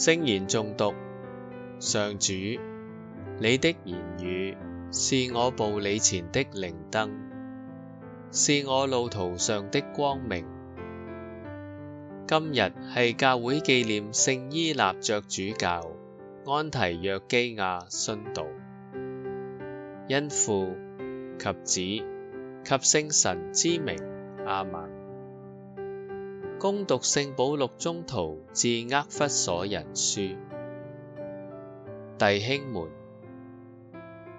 聖言誦讀。上主，你的言語是我步履前的靈燈，是我路途上的光明。今日係教會紀念聖依納爵主教、安提約基亞殉道，因父及子及聖神之名，阿們。恭讀聖保祿宗徒，致厄弗所人書：弟兄們，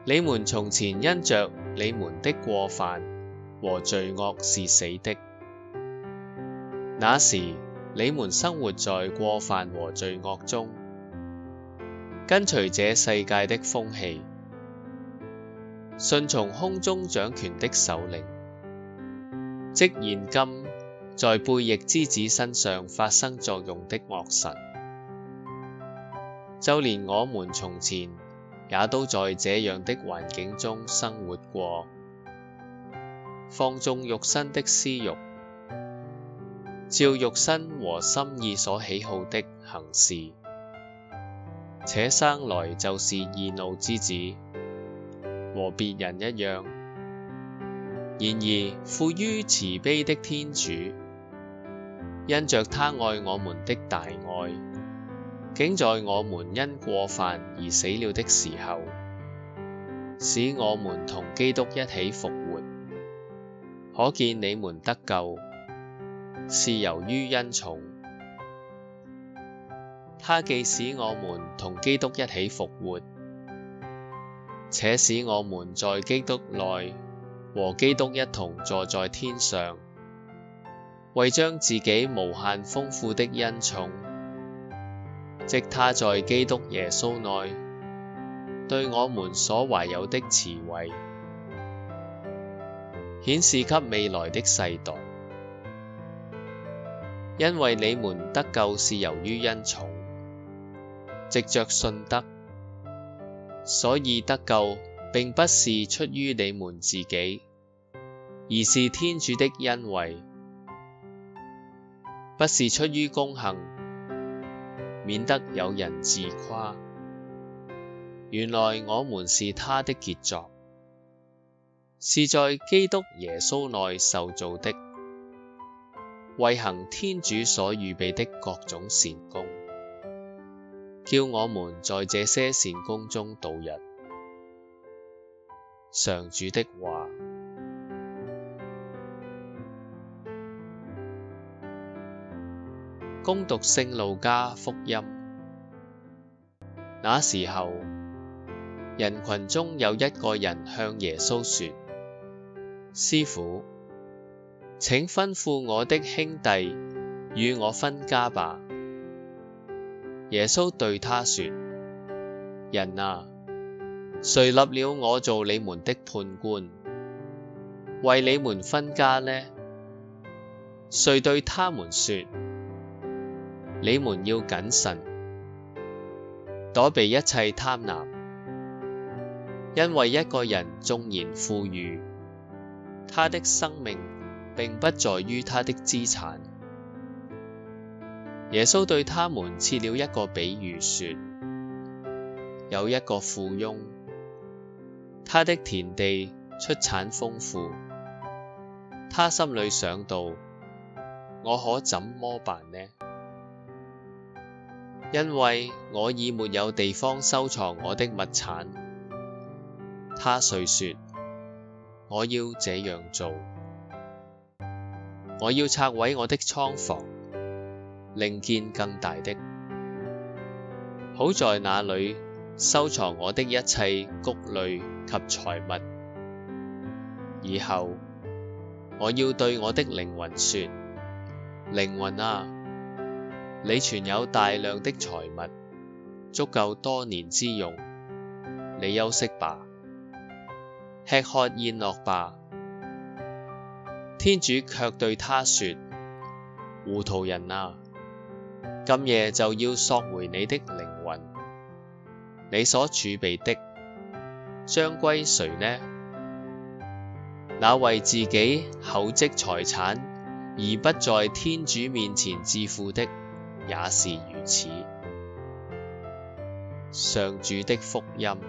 你們從前因著你們的過犯和罪惡是死的。那時你們生活在過犯和罪惡中，跟隨這世界的風氣，順從空中掌權的首領。即現今。在悖逆之子身上發生作用的惡神，就連我們從前也都在這樣的環境中生活過，放縱肉身的私慾，照肉身和心意所喜好的行事，且生來就是義怒之子，和別人一樣。然而富於慈悲的天主。因着他愛我們的大愛，竟在我們因過犯而死了的時候，使我們同基督一起復活。可見你們得救，是由於恩寵。他既使我們同基督一起復活，且使我們在基督內，和基督一同坐在天上。為將自己無限豐富的恩寵，即他在基督耶穌內對我們所懷有的慈惠，顯示給未來的世代。因為你們得救是由於恩寵，藉着信德，所以得救並不是出於你們自己，而是天主的恩惠。不是出於功行，免得有人自誇。原來我們是他的傑作，是在基督耶穌內受造的，為行天主所預備的各種善工，叫我們在這些善工中度日。上主的話。恭讀《聖路加福音》，那時候，人群中有一個人向耶穌說：師傅，請吩咐我的兄弟與我分家吧！耶穌對他說：人啊！誰立了我做你們的判官，為你們分家呢？遂對他們說：你們要謹慎，躲避一切貪婪，因為一個人縱然富裕，他的生命並不在於他的資產。耶穌對他們設了一個比喻說：有一個富翁，他的田地出產豐富，他心裏想道：我可怎麼辦呢？因為我已沒有地方收藏我的物產，他遂說：我要這樣做，我要拆毀我的倉房，另建更大的，好在那裏收藏我的一切穀類及財物。以後，我要對我的靈魂說：靈魂啊！你存有大量的財物，足夠多年之用。你休息吧，吃喝宴樂吧。天主卻對他說：糊塗人啊，今夜就要索回你的靈魂。你所儲備的，將歸誰呢？那為自己厚積財產，而不在天主面前致富的。也是如此。上主的福音。